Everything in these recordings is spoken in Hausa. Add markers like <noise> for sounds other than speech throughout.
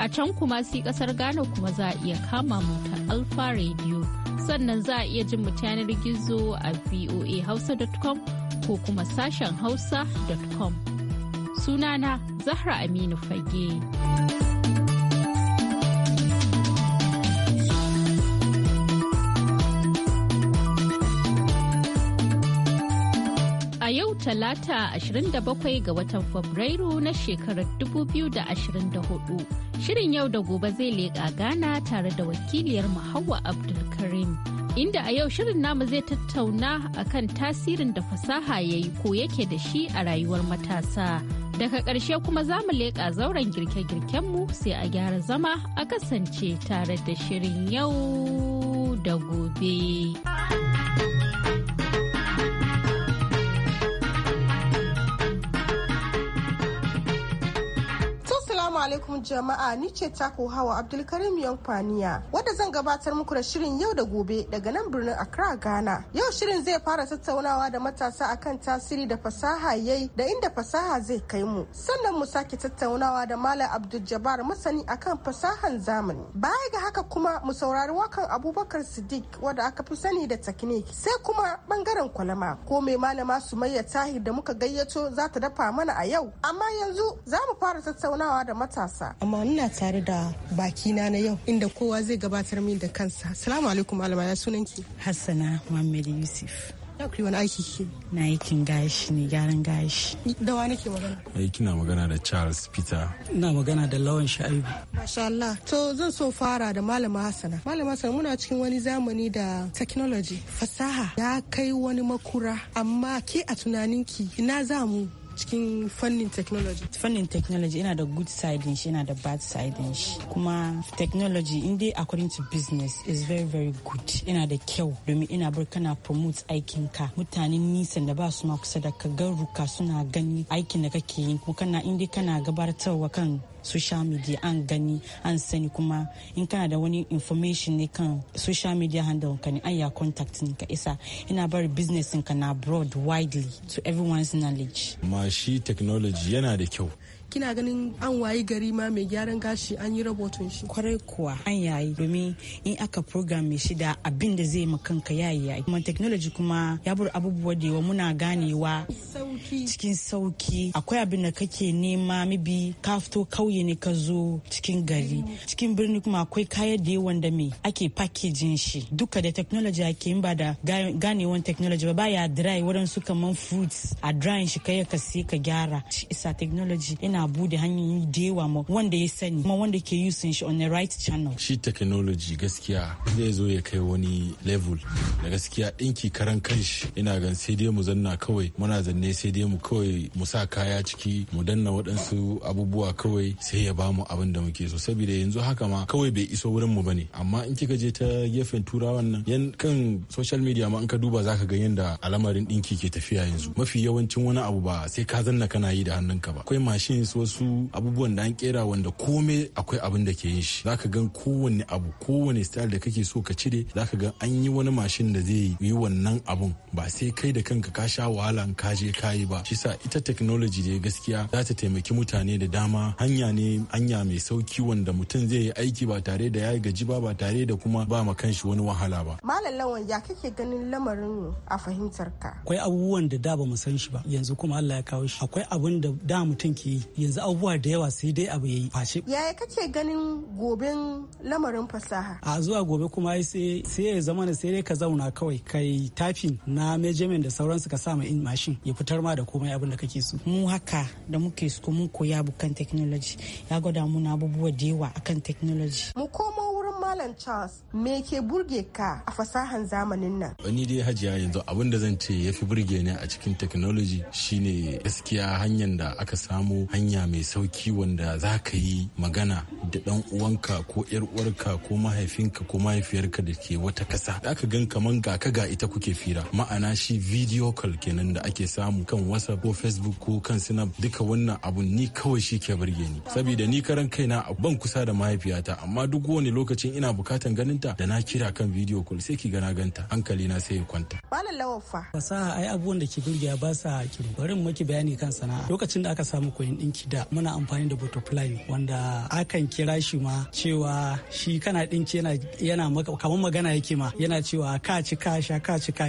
A can kuma si kasar Ghana kuma za a iya kama mu ta Alfa Radio. Sannan za a iya jin mu yanar gizo a voahausa.com ko kuma sashen hausa.com. Sunana Zahra Aminu Fage. Talata 27 ga watan Fabrairu na shekarar 2024. Shirin yau da gobe zai leƙa Ghana tare da wakiliyar Hauwa Abdulkarim. Inda a yau shirin namu zai tattauna akan tasirin da fasaha ya yi ko yake da shi a rayuwar matasa. Daga ƙarshe kuma za mu leƙa zauren girke-girkenmu sai a gyara zama a kasance tare da shirin yau da gobe. alaikum jama'a ni ce tako hawa Abdulkarim Yankwaniya wadda zan gabatar muku da shirin yau da gobe daga nan birnin Accra Ghana. Yau shirin zai fara tattaunawa da matasa akan tasiri da fasaha yayi da inda fasaha zai kai mu. Sannan mu sake tattaunawa da Malam Abdul musani masani akan fasahan zamani. Baya ga haka kuma mu saurari wakan Abubakar Siddiq wadda aka fi sani da taknik Sai kuma bangaren kwalama ko mai malama Sumayya Tahir da muka gayyato za ta dafa mana a yau. Amma yanzu za mu fara tattaunawa da matasa matasa. Amma ina tare da baki na yau inda kowa zai gabatar min da kansa. Salamu alaikum malama ya ki? Hassana Muhammad Yusuf. Na kuri wani aiki ke? Na aikin gashi ne gyaran gashi. Da wa nake magana? Aiki eh, kina magana da Charles Peter. Ina magana da Lawan Sha'ibu. Masha Allah. To zan so fara da Malama Hassana. Malama Hassana muna cikin wani zamani da technology fasaha ya kai wani makura amma ke a tunaninki ina za mu cikin fannin technology fannin technology yana da good side shi yana da bad side shi kuma technology in dey according to business is very very good yana da kyau domin ina bar kana promote aikin ka mutanen nisan da ba su ma kusa da ka garuka suna gani aikin da kake yi kuma kana in dai kana gabatarwa kan social media an gani an sani kuma in kana da wani information ne kan social media handle ka ne an ya contact ne ka isa ina bar business ka na broad widely to everyone's knowledge mashi shi technology yana da kyau kina ganin an wayi gari ma mai gyaran gashi an yi rabotun shi kwarai kuwa an yayi domin in aka program shi da abin da zai makanka yayi yayi kuma technology kuma ya bar abubuwa da yawa muna ganewa cikin sauki akwai abin da kake nema mibi ka fito kauye ne ka zo cikin gari cikin birni kuma akwai kayan da yawan da me ake packaging shi duka da technology ake yin ba da ganewan technology ba baya dry waɗansu kaman fruits a drying shi kai ka sai ka gyara shi isa technology yana yana bude hanyoyi da yawa ma wanda ya sani kuma wanda ke using shi on the right channel shi technology gaskiya zai zo ya kai wani level da gaskiya dinki karan kanshi ina gan sai dai mu zanna kawai muna zanne sai dai mu kawai mu sa kaya ciki mu danna waɗansu abubuwa kawai sai ya bamu abin da muke so saboda yanzu haka ma kawai bai iso wurin mu bane amma in kika je ta gefen turawan nan yan kan social media ma in ka duba zaka ga yanda al'amarin dinki ke tafiya yanzu mafi yawancin wani abu ba sai ka zanna kana yi da hannunka ba akwai mashin su wasu abubuwan da an kera wanda komai akwai abin da ke yin shi zaka gan kowane abu kowane style da kake so ka cire zaka ga an yi wani mashin da zai yi wannan abun ba sai kai da kanka ka sha wahala ka je ka yi ba shi sa ita technology da gaskiya za ta taimaki mutane da dama hanya ne hanya mai sauki wanda mutum zai yi aiki ba tare da ya yi gaji ba ba tare da kuma ba ma kanshi wani wahala ba malam lawan ya kake ganin lamarin a fahimtar ka akwai abubuwan da da ba mu san shi ba yanzu kuma Allah ya kawo shi akwai abun da da mutum ke yi yanzu abubuwa da yawa sai dai abu yayi fashe yaya kake ganin goben lamarin fasaha a zuwa gobe kuma sai ya zama da sai dai ka zauna kawai kai tafin na mejemen da sauransu ka sa in mashin ya fitar ma da komai abin da kake so mu haka da muke ko mun koya bukan technology ya gwada muna abubuwa da yawa akan technology mu komo Malam Charles me ke burge ka a fasahan zamanin nan? wani dai hajiya yanzu abin da zan ce ya fi burge ni a cikin technology shine gaskiya hanyar da aka samu hanya mai sauki wanda za ka yi magana da dan uwanka ko yar uwarka ko mahaifinka ko mahaifiyarka da ke wata kasa. Da aka gan kaman ga ka ga ita kuke fira ma'ana shi video call kenan da ake samu kan WhatsApp ko Facebook ko kan Snap duka wannan abun ni kawai shi ke burge ni. Saboda ni karan kaina ban kusa da mahaifiyata amma duk wani lokacin ina bukatan ganin ta da na kira kan video call sai ki gana ganta hankali na sai ya kwanta malam lawaffa fasaha ai abubuwan da ke burgewa ba sa kiru bari mu maki bayani kan sana'a lokacin da aka samu koyon dinki da muna amfani da butterfly wanda akan kira shi ma cewa shi kana dinki yana yana kamar magana yake ma yana cewa ka ci ka sha ka ci ka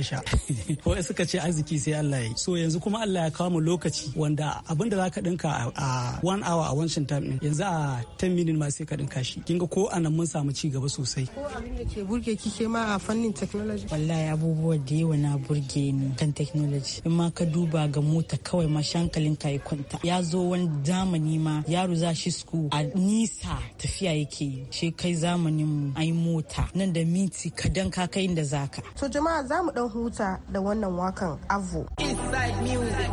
ko <laughs> suka ce arziki sai Allah ya so yanzu kuma Allah ya kawo mu lokaci wanda abin da zaka dinka a one hour a wancan time in yanzu a 10 minutes ma sai ka dinka shi kinga ko anan mun samu ci gaba gaba sosai. Ko abin da ke burge kike ma a fannin technology? Wallahi abubuwa da yawa na burge ni kan technology. In ma ka duba ga mota kawai ma shankalin ka kwanta. Ya zo wani zamani ma yaro za shi sku a nisa tafiya yake yi. She kai zamanin mu ai mota nan da minti kadan ka kai inda zaka. To jama'a za mu dan huta da wannan wakan Avo. Inside music.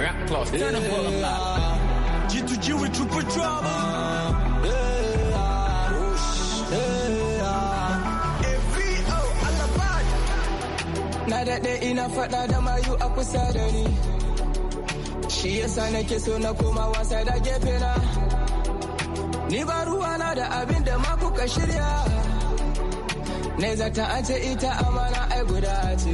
Rap class. Yeah. G2G with triple trouble. na daɗe ina faɗa da mayu a kusa da ni shi yasa nake so na koma wasa da gefe na ni ba ruwa na da abin da ma kuka shirya ne zata an ce ita amana ai guda ce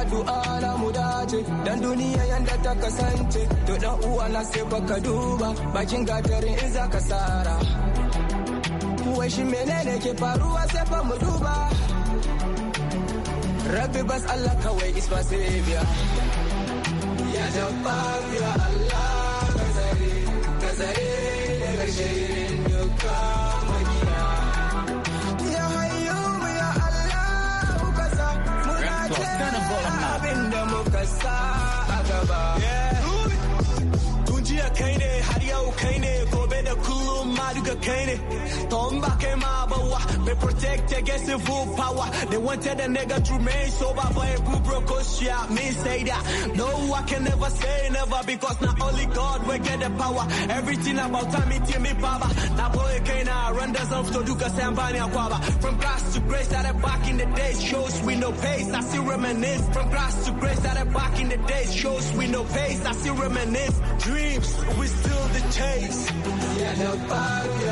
addu'a na mu dace dan duniya yanda ta kasance to dan uwa na sai baka duba bakin gatarin in za ka sara wai shi menene ke faruwa sai fa mu duba Rabbi bas Allah kawai is my savior. Ya Jabbar ya Allah ka tsare, da tsare complicated. Tomba Kemabawa, Be protected against evil power. They wanted a nigga to remain sober, but a boo broke shit. Me say that. No, I can never say never because not only God will get the power. Everything about time it me power. Now boy can I run down to Duka Sambani Aquaba. From class to grace that back in the days shows we no pace. I still reminisce. From class to grace that back in the days shows we no pace. I still reminisce. Dreams, we still the chase. Yeah, no,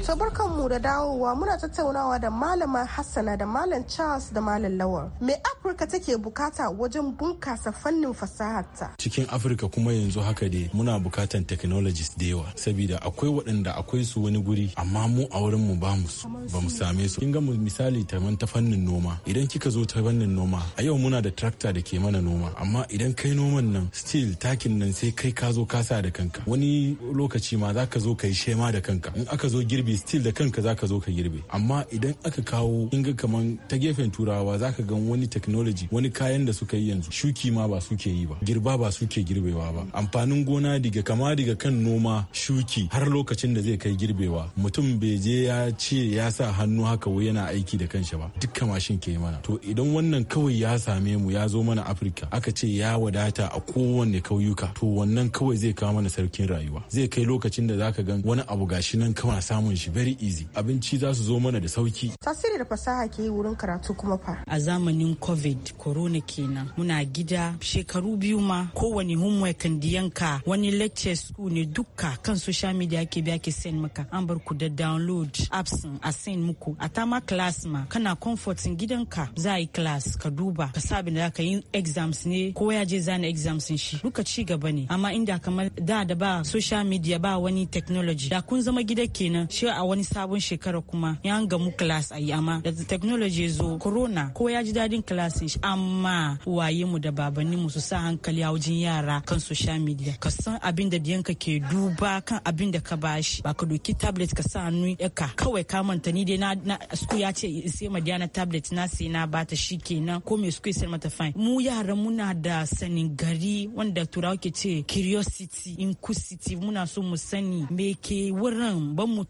To barkanmu da dawowa muna tattaunawa da malama Hassana da malam Charles da malam Lawal. Me Afirka take bukata wajen bunkasa fannin fasaharta? Cikin Afirka kuma yanzu haka dai muna bukatan technologies da yawa saboda akwai waɗanda akwai su wani guri amma mu a wurin mu bamu su mu same su. Kin ga misali taman ta fannin noma idan kika zo ta fannin noma a yau muna da tractor da ke mana noma amma idan kai noman nan still takin nan sai kai ka zo kasa da kanka wani lokaci ma za ka zo ka yi shema da kanka in aka zo girbi still da kanka zaka zo ka girbe amma idan aka kawo inga kaman ta gefen turawa zaka gan wani technology wani kayan da suka yi yanzu shuki ma ba suke yi ba girba ba suke girbewa ba amfanin gona diga kama diga kan noma shuki har lokacin da zai kai girbewa mutum bai je ya ce ya sa hannu haka wai yana aiki da kanshi ba dukkan mashin ke mana to idan wannan kawai ya same mu ya zo mana afirka aka ce ya wadata a kowanne kauyuka to wannan kawai zai kawo mana sarkin rayuwa zai kai lokacin da zaka gan wani abu gashi nan kawai samun shi very easy abinci za su zo mana da sauki tasiri da fasaha ke yi wurin karatu kuma fa a zamanin covid corona kenan muna gida shekaru biyu ma kowane homework kan diyanka wani lecture school ne dukka kan social media ake biya ke send maka an bar ku da download apps a send muku a ma class ma kana comforting gidanka za a yi class ka duba ka sa da ka yi exams ne ko ya je zana exams shi duka ci gaba ne amma inda kamar da da ba social media ba wani technology da kun zama gida kenan shi zo a wani sabon shekara kuma ya gamu class a yi amma da technology zo corona ko ya ji dadin classin shi amma waye mu da babanni mu su sa hankali a wajen yara kan social media ka san abin da biyanka ke duba kan abin da ka bashi ba ka doki tablet ka sa hannu ka kawai ka manta ni dai na school ya ce sai ma Diana tablet na sai na bata kenan ko me school sai mata fine mu yaran muna da sanin gari wanda turawa ke ce curiosity inquisitive muna so mu sani me ke wurin ban mu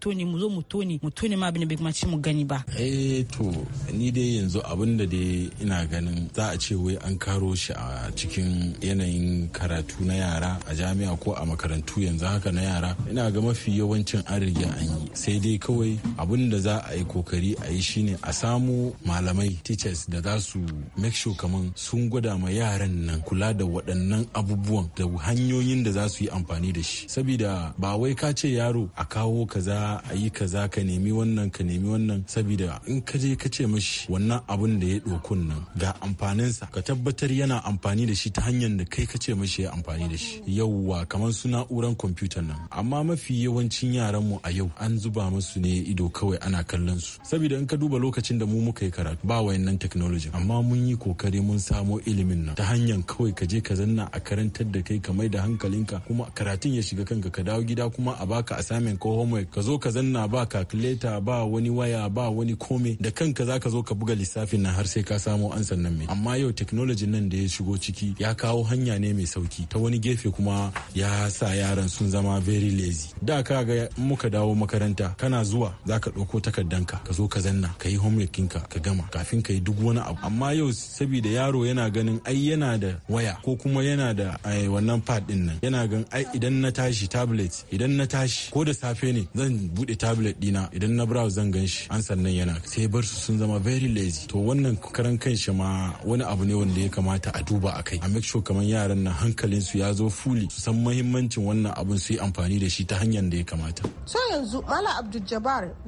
tone mu mu zo mu tone mu ma abin da bai ci mu gani ba eh to ni dai yanzu abin da dai ina ganin za a ce wai an karo shi a cikin yanayin karatu na yara a jami'a ko a makarantu yanzu haka na yara ina ga mafi yawancin an riga an yi sai dai kawai abin da za a yi kokari a yi shine a samu malamai teachers da za su make sure kaman sun gwada ma yaran nan kula da waɗannan abubuwan da hanyoyin da za su yi amfani da shi saboda ba wai ka ce yaro a kawo kaza kaza a yi kaza ka nemi wannan ka nemi wannan saboda in ka je ka ce mashi wannan abun da ya dokun nan ga amfaninsa ka tabbatar yana amfani da shi ta hanyar da kai ka ce mashi ya amfani da shi yauwa kamar su na'uran kwamfutar nan amma mafi yawancin yaran mu a yau an zuba musu ne ido kawai ana kallon su saboda in ka duba lokacin da mu muka yi karatu ba wayannan technology amma mun yi kokari mun samo ilimin nan ta hanyar kawai ka je ka zanna a karantar da kai ka mai da hankalinka kuma karatun ya shiga kanka ka dawo gida kuma a baka assignment ko homework ka zo ka zanna ba calculator ba wani waya ba wani komai da kanka za ka zo ka buga lissafin nan har sai ka samo ansan nan mai amma yau technology nan da ya shigo ciki ya kawo hanya ne mai sauki ta wani gefe kuma ya sa yaran sun zama very lazy da ka ga muka dawo makaranta kana zuwa za ka ɗauko takardanka ka zo ka zanna ka yi homework ka ka gama kafin ka yi duk wani abu amma yau saboda yaro yana ganin ai yana da waya ko kuma yana da eh, wannan pad din nan yana gan ai idan na tashi tablet idan na tashi ko da safe ne zan zan bude tablet dina idan na browse zan gan shi an sannan yana sai bar su sun zama very lazy to wannan karan kan shi ma wani abu ne wanda ya kamata a duba a kai a make sure kamar yaran nan hankalin su ya zo fuli su san mahimmancin wannan abun su yi amfani da shi ta hanyar da ya kamata so yanzu mala abdul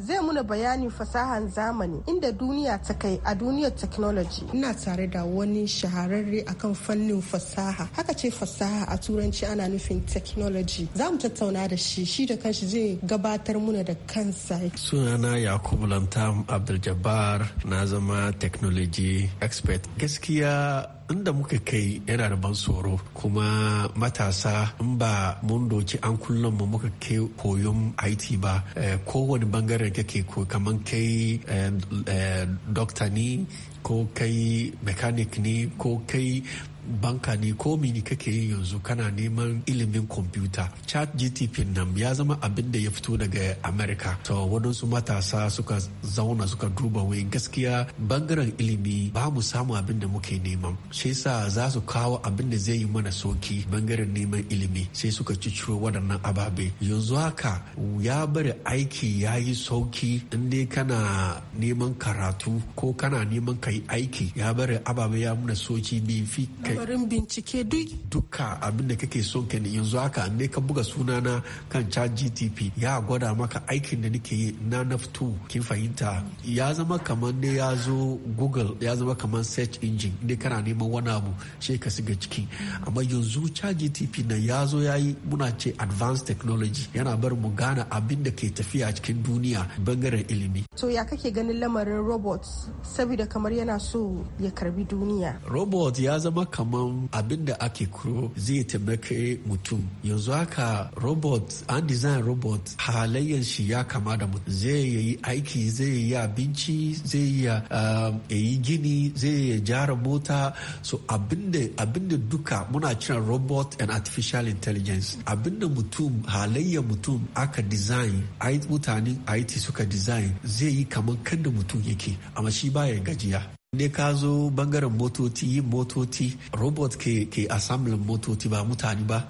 zai muna bayani fasahan zamani inda duniya ta kai a duniyar technology ina tare da wani shahararre akan fannin fasaha haka ce fasaha a turanci ana nufin technology za mu tattauna da shi shi da kanshi zai gabata. gabatar muna da kansa. Sunana Yakubu Lantam Abdul-Jabbar na zama technology expert. Gaskiya inda muka kai yana da ban tsoro kuma matasa in ba mun doki an kullum mu muka kai koyon IT ba eh, kowane bangare kake ko kamar kai eh, eh, dokta ne ko kai mechanic ne ko kai banka ne ko mini kake yi yanzu kana neman ilimin kwamfuta chat gtp nan ya zama abin da ya fito daga america to waɗansu matasa suka zauna suka duba wai gaskiya bangaren ilimi ba mu samu abin da muke nema shi sa za su kawo abin da zai yi mana soki bangaren neman ilimi sai suka ciciro waɗannan ababe yanzu haka ya bari aiki ya yi sauki in dai kana neman karatu ko kana neman ka aiki ya bari ababe ya muna soki bi fi kai barin bincike duk dukka abin da kake son ka yanzu haka ne ka buga sunana kan chat gtp ya gwada maka aikin da nake yi na naftu kin fahimta ya zama kamar ne ya zo google ya zama kamar search engine ne kana neman wani abu sai ka shiga ciki amma yanzu chat gtp na ya zo ya yi muna ce advanced technology yana bar mu gane abin da ke tafiya cikin duniya bangaren ilimi to ya kake ganin lamarin robot saboda kamar yana so ya karbi duniya robot ya zama kamar abin da ake kuro zai taimaka mutum yanzu haka robot an design robot halayyar shi ya kama da mutum zai yi aiki zai yi abinci zai um, yi gini zai yi jara mota so abin da duka muna cin robot and artificial intelligence abin da mutum halayyar mutum aka design mutanen IT suka design zai yi kamar kan da mutum yake amma shi baya gajiya ne ka zo bangaren motoci yin motoci robot ke ke assemblin motoci ba mutane ba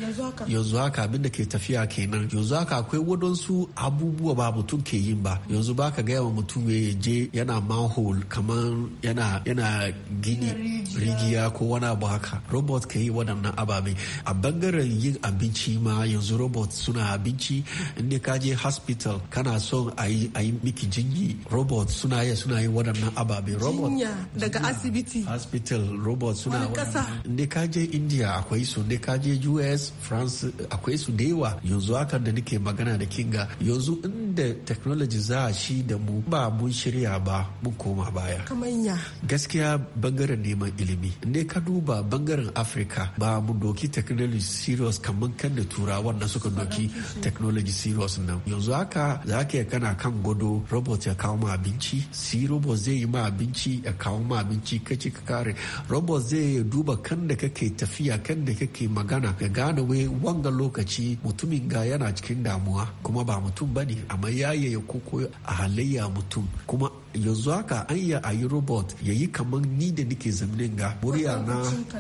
yanzu haka abin da ke tafiya kenan yanzu haka akwai wadansu abubuwa ba mutum ke yin ba yanzu ba ka gaya wa mutum ya je yana manhole kamar yana yana gini rigiya ko wani abu haka robot ke yi waɗannan ababe a bangaren yin abinci ma yanzu robot suna abinci inda ka je hospital kana son a yi miki jinyi robot suna yi suna yi waɗannan ababe robot daga asibiti hospital robot suna kasa ne ka je india akwai su ne ka je us france akwai su da yawa yanzu haka da nake magana da kinga yanzu inda technology za a shi da mu ba mun shirya ba mun koma baya kamanya gaskiya bangaren neman ilimi ne ka duba bangaren afirka ba mu doki technology serious kamar kan da turawan na suka doki technology serious nan yanzu haka za ka kana kan gado robot ya kawo ma abinci si robot zai yi ma abinci ya kawo kuma ma abinci ci ka kare robot zai duba kan da kake tafiya kan da kake magana ga gane wai wanga lokaci mutumin ga yana cikin damuwa kuma ba mutum bane amma yayaye koko a halayya mutum kuma yanzu haka an iya a yi robot ya yi kamar ni da nike zamanin ga murya na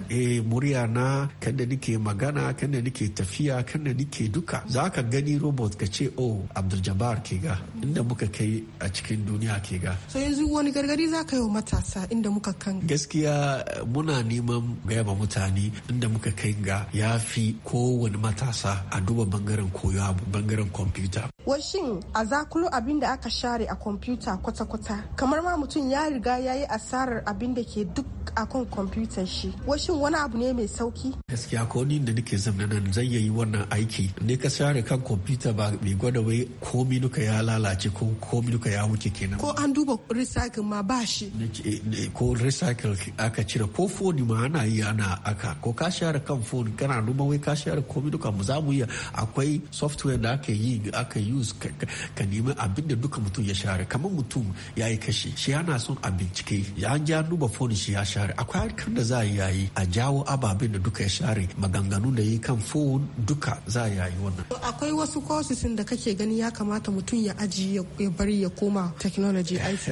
eh, murya na kan da nike magana kan da nike tafiya kan da nike duka za ka gani robot ka ce oh abdul jabbar ke ga inda muka kai a cikin duniya ke ga so yanzu wani gargadi za ka yi wa matasa inda muka kan gaskiya muna neman gaya mutane inda muka kai ga ya fi kowane matasa a duba bangaren koyo bangaren kwamfuta washin a zakulu abin da aka share a kwamfuta kwata-kwata kamar ma mutum ya riga ya yi asarar abin da ke duk akan kwamfutar shi washin wani abu ne mai sauki gaskiya ko ni da nake zama nan zan yi wannan aiki ne ka share kan kwamfuta ba bai gwada wai komi duka ya lalace ko komi duka ya wuce kenan ko an duba recycle ma ba shi ko recycle aka cire ko foni ma ana yi ana aka ko ka share kan foni kana duba wai ka share komi duka mu za mu yi akwai software da aka yi aka use ka nemi abin da duka mutum ya share kamar mutum ya yi kashe shi yana son a bincike ya an duba foni shi ya share share akwai harkar da za a yayi a jawo ababen da duka ya share maganganu da yi kan fo duka za a yayi wannan akwai wasu kosisin da kake gani ya kamata mutum ya aji ya bari ya koma technology aiki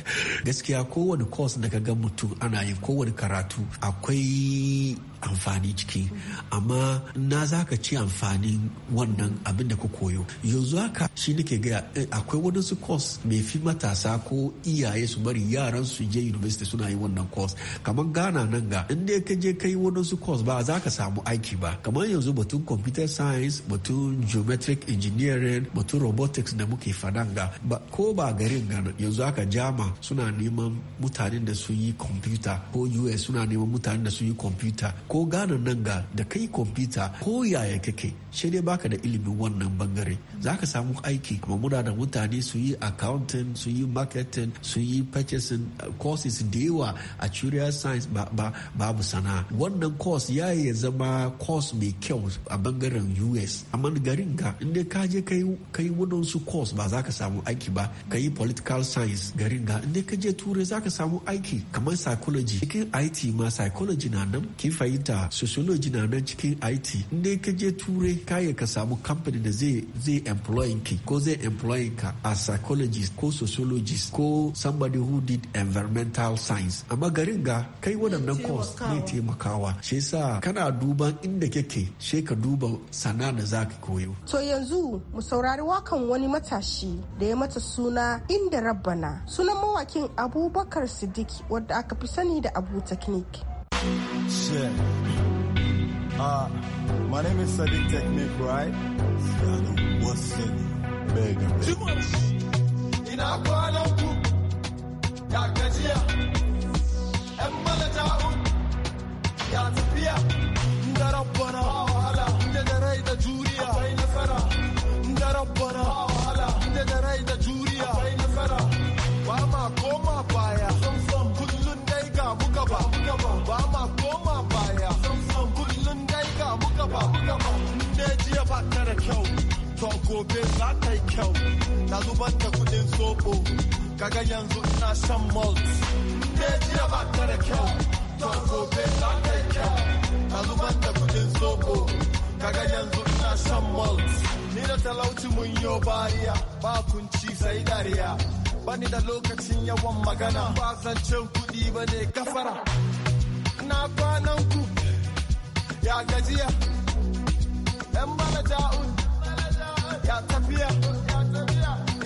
<laughs> gaskiya kowane kos da ka ga mutum ana yin kowane karatu akwai amfani ciki amma na za ka ci amfani wannan abin da ku koyo yanzu haka shi nake gaya eh, akwai wani su course mai fi matasa ko iyaye su bari yaran su je university suna yi wannan course kamar gana nan ga in dai ka je kai wani su course ba za ka samu aiki ba kamar yanzu batun computer science batun geometric engineering batun robotics da muke fadan ga ko ba garin ga yanzu haka jama suna neman mutanen da su yi computer ko us suna neman mutanen da su yi computer ko gane nan ga da kai kwamfuta ko yaya kake shi dai baka da ilimin wannan bangare za ka samu aiki kuma muna da mutane su yi accounting su yi marketing su yi purchasing uh, courses da yawa a curious science ba babu sana'a wannan course ya ya zama course mai kyau a bangaren us amma garin ka inda ka je ka yi wadansu course ba za ka samu aiki ba ka yi political science garin ka inda ka je turai za ka samu aiki kamar psychology cikin it ma psychology na nan kifayi halitta sociology na nan cikin IT in ka je ture kaya ka samu kamfani da zai zai employing ki ko zai employing ka a psychologist ko sociologist ko somebody who did environmental science amma garin ga kai waɗannan course ne taimakawa shi yasa kana duba inda kake sai ka duba sana da za koyo to yanzu mu saurari wakan wani matashi da ya mata suna inda rabbana sunan mawakin abubakar siddiq wadda aka fi sani da abu technique Shit. Uh, ah, my name is Sadiq Technique, right? Sadiq, what's in Beg you. Too much. In our Kuala Ya Gajia. Emma Jahun. Ya Zubia. gobe za ta yi kyau na zubar da kudin zobo kaga yanzu ina shan malt ne jiya ba ta da kyau to gobe za ta yi kyau na zubar da kudin zobo kaga yanzu ina shan malt ni da talauci mun yo bariya ba kunci sai dariya bani da lokacin yawan magana ba zancen kudi ba ne kafara na kwanan ku ya gajiya 'yan bala ja'un ya tafiya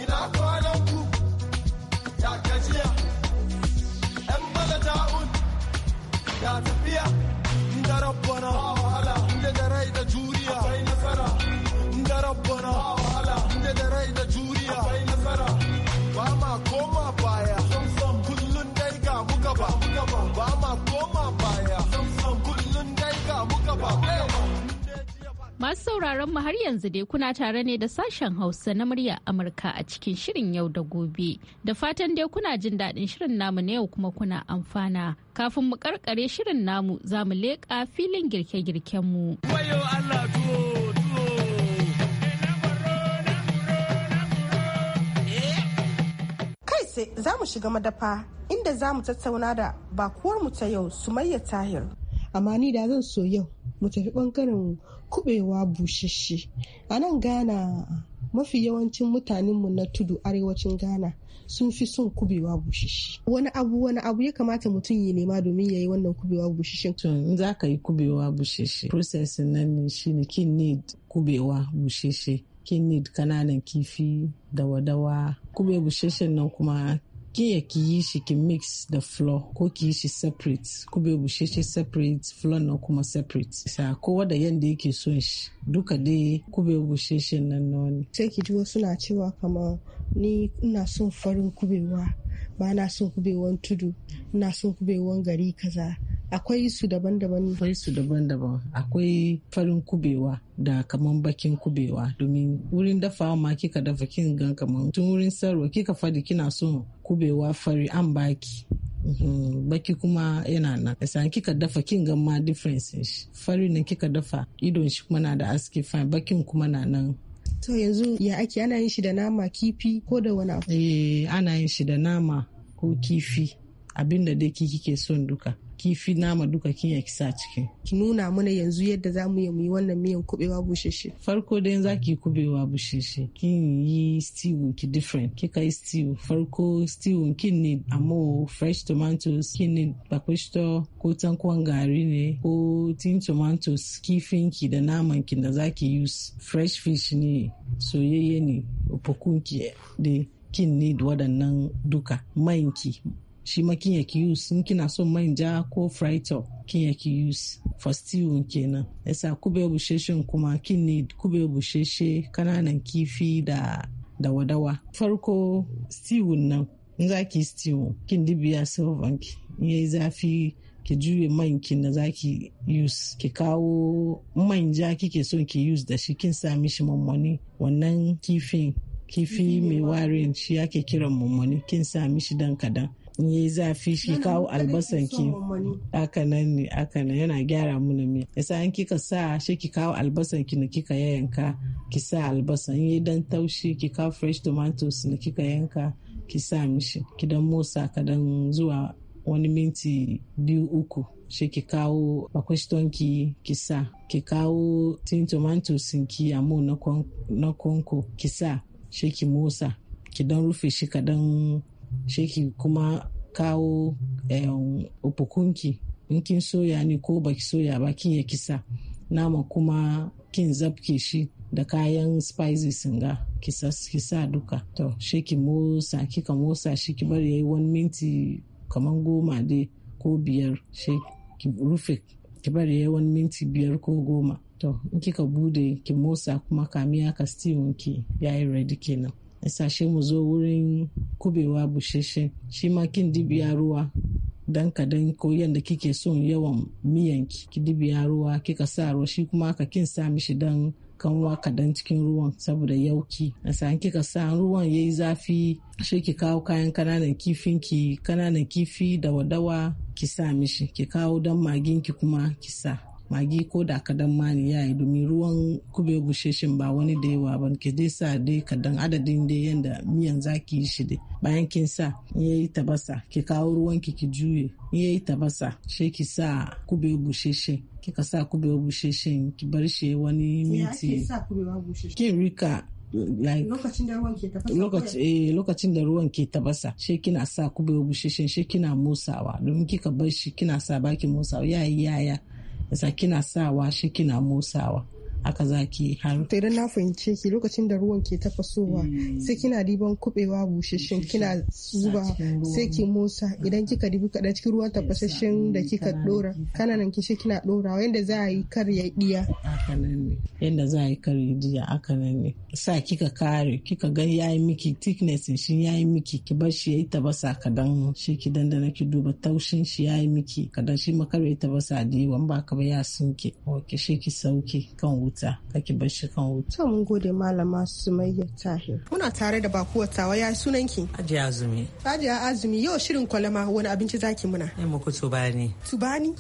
ina kwanan ku ya gajiya yan bala ta'un ya tafiya da rabbana wahala inda da rai da juriya akwai nasara Masu sauraron mu har yanzu dai kuna tare ne da sashen Hausa na murya Amurka a cikin shirin yau da gobe. Da fatan dai kuna jin daɗin shirin namu na yau kuma kuna amfana. Kafin mu karkare shirin namu za mu leƙa filin girke-girken mu. Kai sai za mu shiga madafa inda za mu tattauna da bakuwar mu ta yau Sumayya Tahir. Amma ni da zan so yau mu tafi bangaren kubewa bushashe a nan ghana mafi yawancin mutanenmu na tudu arewacin ghana sun fi son kubewa bushashe wani abu wani abu ya kamata mutum ya nema domin ya yi wannan kubewa bushashe in za ka yi kubewa bushashe processing nan shine kin need kubewa bushashe kin need kananan kifi dawa-dawa kube bushashen nan kuma ki ya ki yi shi ki mix da flo ko ki yi shi separate kube bushe shi separate flour na kuma separate sa kowa da yanda yake son shi duka dai kube bushe shi na wani sai ki ji wasu na cewa kamar ni ina son farin kubewa ba na son kubewan tudu ina son kubewan gari kaza akwai su daban-daban akwai su daban-daban akwai farin kubewa da kaman bakin kubewa domin wurin dafawa ma kika dafa kin gan kaman tun wurin sarwa kika fadi kina so kubewa fari an baki mhm. baki kuma yana nan san kika dafa kin gan ma difference fari nan kika dafa idon shi kuma na da aski fine bakin kuma na nan to yanzu ya ake ana yin shi da nama kifi ko da wani abu eh ana yin shi da nama ko kifi abinda dai kike son duka kifi nama duka kin ya kisa ciki. Ki nuna mana yanzu yadda za mu yi wannan miyan kubewa busheshe. Farko dai za ki kubewa busheshe. Kin yi stew ki different. Kika yi stew. Farko stew kin ne amo fresh tomatoes kin ne bakwisto ko tankwan gari ne ko tin tomatoes kifin ki da naman ki da za ki use. Fresh fish ne soyayye ne ki da kin need waɗannan duka manki shi ma kin yaki use in kina son manja ko frito kin ki use for stew kenan yasa kube busheshen kuma kin ne kube busheshe kananan kifi da dawa farko stew nan in za ki stew kin dibiya silvan ki in yayi zafi ki juye man kin na za ki use ki kawo manja kike son ki use da shi kin sa mishi mammoni wannan kifin kifi mai warin shi ake kiran mummuni kin sa mishi dan kadan yi zafi shi kawo albasan ki haka nan ne haka nan yana gyara mana me yasa an kika sa shi ki kawo albasan ki na kika yanka ki sa albasan yi dan taushi ki kawo fresh tomatoes na kika yanka ki sa mishi ki dan motsa kadan zuwa wani minti biyu uku shi ki kawo bakwashtonki ki sa ki kawo tin tomatoes ki amu na konko ki sa shi ki motsa ki dan rufe shi kadan sheki kuma kawo upukunki in kin soya ne ko baki soya ba kin ya kisa nama kuma kin zabke shi da kayan spices singa kisa kisa duka to sheki motsa kika motsa shi ki bari yayi wani minti kaman goma dai ko biyar she ki rufe ki bari yayi wani minti biyar ko goma to in kika bude ki motsa kuma kamiya ka stew ki yayi ready kenan sashe mu zo wurin kubewa busheshen shi ma kin dibiya ruwa dan kadan ko yadda kike son yawan miyan ki dibiya ruwa kika sa ruwa shi kuma ka kin sa mishi dan kanwa kadan cikin ruwan saboda yauki na kika sa ruwan yayi zafi shi ki kawo kayan kananan kifin ki kananan kifi da wadawa ki sa mishi ki kawo dan maginki kuma ki sa magi ko da kadan ma ne yayi domin ruwan kube busheshin ba wani da yawa ba ke dai sa dai kadan adadin dai yanda miyan zaki yi shi dai bayan kin sa in yayi tabasa ki kawo ruwan ki ki juye in yayi tabasa sai ki sa kube busheshin kika sa kube busheshin ki bar shi wani minti kin rika Like, lokacin da ruwan ke tabasa. Eh, lokacin da ruwan ke tafasa she kina sa kube busheshin, she kina musawa domin kika bar shi kina sa baki musawa yayi yaya za kina sawa shi kina mu sawa haka za ki haru. To idan na fahimce ki lokacin da ruwan ke tafasowa hmm. sai kina diban kubewa bushashin kina zuba sai ki motsa idan kika dibi kaɗan cikin ruwan tafasashin da kika dora kananan kishi kina dora yanda za a yi kar ya diya. Yanda za a yi kar ya diya haka nan ne. Sa kika kare kika ga yayi miki thickness shi yayi miki ki bar shi yayi tabasa kadan shi ki dandana ki duba taushin shi yayi miki kadan shi makar ya tabasa da yawan ba ka ba ya sunke. Ki shi ki sauke kan wuta. huta kake bar kan huta mun gode malama sumayya tahir muna tare da bakuwar tawa ya sunan ajiya azumi ajiya azumi yau shirin kwalama wani abinci zaki muna ne muku tubani tubani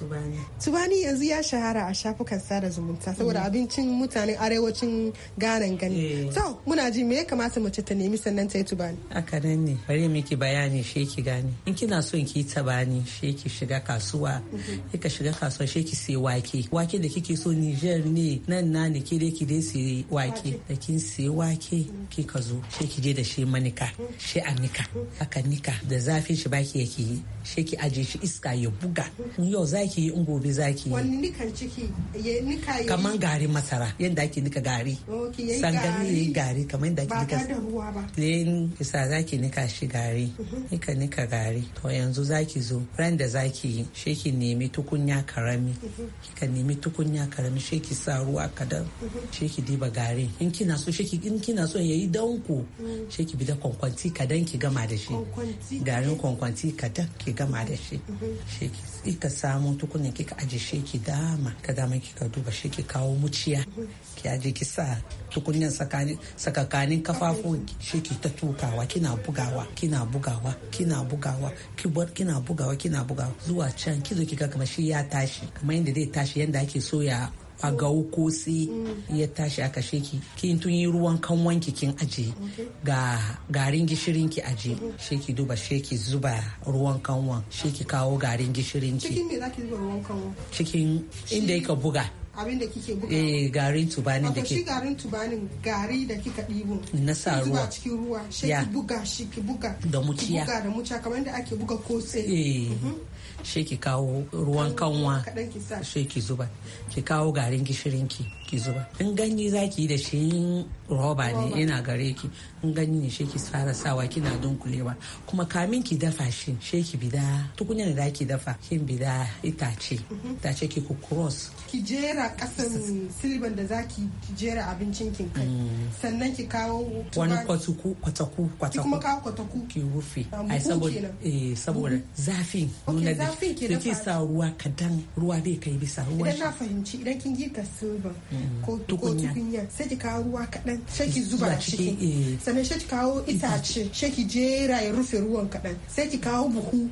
tubani yanzu ya shahara a shafukan sada zumunta saboda mm. abincin mutanen arewacin ganan gani eh. to muna ji me ya kamata mace ta nemi sannan ta yi tubani haka nan ne bari miki bayani shi ki gani in kina so ki yi tabani shi ki shiga kasuwa mhm. kika shiga kasuwa shi ki sai wake wake da kike so Niger ne nan na na ne ke dai ki dai siye wake da kin siye wake ki ka zo she ki je da shi manika she a nika aka nika da zafin shi baki ya ki yi she ki aje shi iska ya buga in yau zaki yi in gobe zaki yi wani nikan ciki ya nika ya kaman gari masara yanda ake nika gari sangani yi gari kaman yanda ake nika ba da ruwa ba len za ki nika shi gari mhm. nika nika gari to yanzu za ki zo ran da ki yi she ki nemi tukunya karami mhm. kika nemi tukunya karami she ki sa ruwa ka kadan sheki diba gare in kina so sheki in kina so yayi danko ku sheki bi da kwankwanti kadan ki gama da shi garin kwankwanti kadan ki gama da shi sheki ki ka samu tukunya kika aje sheki ki dama ka dama kika duba sheki kawo muciya ki aje ki sa tukunyan sakakanin kafafun sheki ta tukawa kina bugawa kina bugawa kina bugawa ki bar kina bugawa kina bugawa zuwa can kizo kika kamar shi ya tashi kamar yadda zai tashi yadda ake soya a gawo kotse ya tashi kashe sheki kin tun yi ruwan kan wanki kin aje ga garin gishirin ki aje sheki duba sheki zuba ruwan kanwan sheki kawo garin gishirin ki cikin me zaki zuba ruwan kanwan cikin inda yake buga abin da kike buga eh garin tubani da ke shi garin tubani gari da kika dibo na sa ruwa cikin ruwa shi ki buga shi ki buga da muciya buga da muciya kamar da ake buga kosai. eh mhm. shi ki kawo ruwan kanwa shi ki zuba ki kawo garin gishirinki ki zuba in ganye za ki yi da shi roba ne yana gare ki in ganye ne shi ki fara sawa kina dunkulewa kuma kamin ki dafa shi shi ki bida tukunya da ki dafa bi bida itace mhm. itace ki ku cross ki jera kasan silban da zaki jera abincin kin kai mm. sannan ki kawo wani kwatuku kwataku kwataku kuma kawo kwataku ki rufe ah, ai saboda eh saboda mhm. zafi nuna da ki sa ruwa kadan ruwa bai kai bisa ruwa idan na fahimci idan kin girka silban mm. ko eh, tukunya sai ki kawo ruwa kaɗan sai ki zuba ciki eh. sannan sai ki kawo itace sai ki jera ya rufe ruwan kaɗan sai ki kawo buhu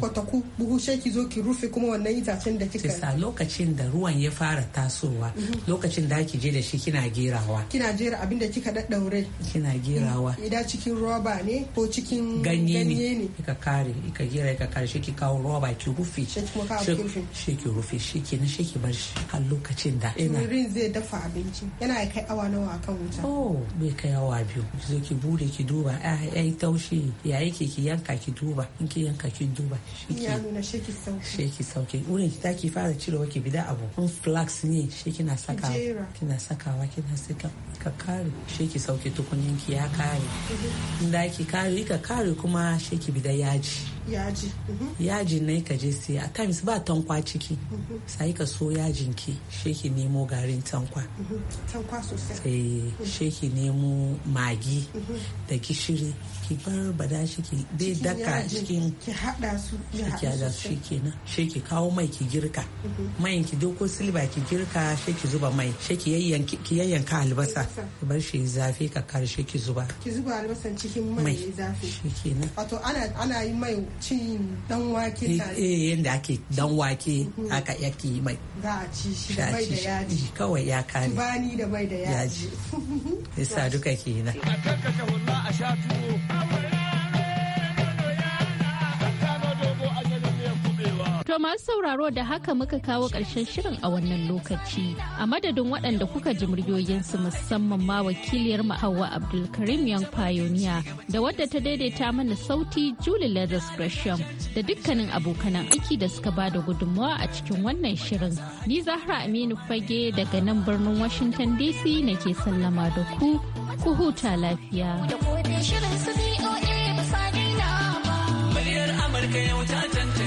Kotoku buhu sai ki zo ki rufe kuma wannan itacen da kika sa lokacin da ruwan ya fara tasowa mhm. lokacin da ki je da shi kina gerawa kina jera abin da kika daddaure kina gerawa mm, idan cikin roba ne ko cikin ganye ne kika kare kika gera kika kare shi ki kawo roba ki rufe shi ki rufe shi ki na shi ki bar shi har lokacin da ina dafa abinci yana kai awa nawa kan wuta oh bai kai awa biyu ki zo ki bude ki duba ah, yi taushe ya ke ki yanka ki duba in ki yanka ki duba ya nuna sheki sauki sheki sauki wurin ki taki fara wa ki da abu in flax ne shi na saka kina sakawa kina saka ka kare shi ki sauke tukunin ki ya kare mhm. Inda ki kare ka kare kuma shi ki bida yaji yaji mhm. yaji ne ka je siya a times ba tankwa ciki mhm. sai ka so yajin ki sheki nemo garin tankwa mhm. tankwa sosai eh, sheki nemo magi da gishiri ki bar shi ki dai daka cikin ki hada su ki hada su na. sheki kawo mai ki girka mai ki doko silba ki girka sheki zuba mai sheki yayyanki ki yayyanka albasa bar shi zafi ka karshe sheki zuba ki zuba albasan cikin mai zafi na. wato ana ana yi mai cin dan wake eh, eh yanda ake dan wake mhm. aka yake mai za a ci shi da mai da yaji eh, kawai ya kare bani da mai da yaji <laughs> yasa duka kenan a sha tuwo To masu sauraro da haka muka kawo ƙarshen shirin a wannan lokaci. A madadin waɗanda kuka ji muryoyinsu musamman ma wakiliyar Hauwa Abdulkarim Young Pioneer da wadda ta daidaita mana sauti Julie Leathers Gresham da dukkanin abokan aiki da suka bada gudunmawa a cikin wannan shirin. Ni Zahra Aminu Fage daga nan birnin Washington DC nake sallama da ku, ku huta lafiya. miliyar Amurka yau ta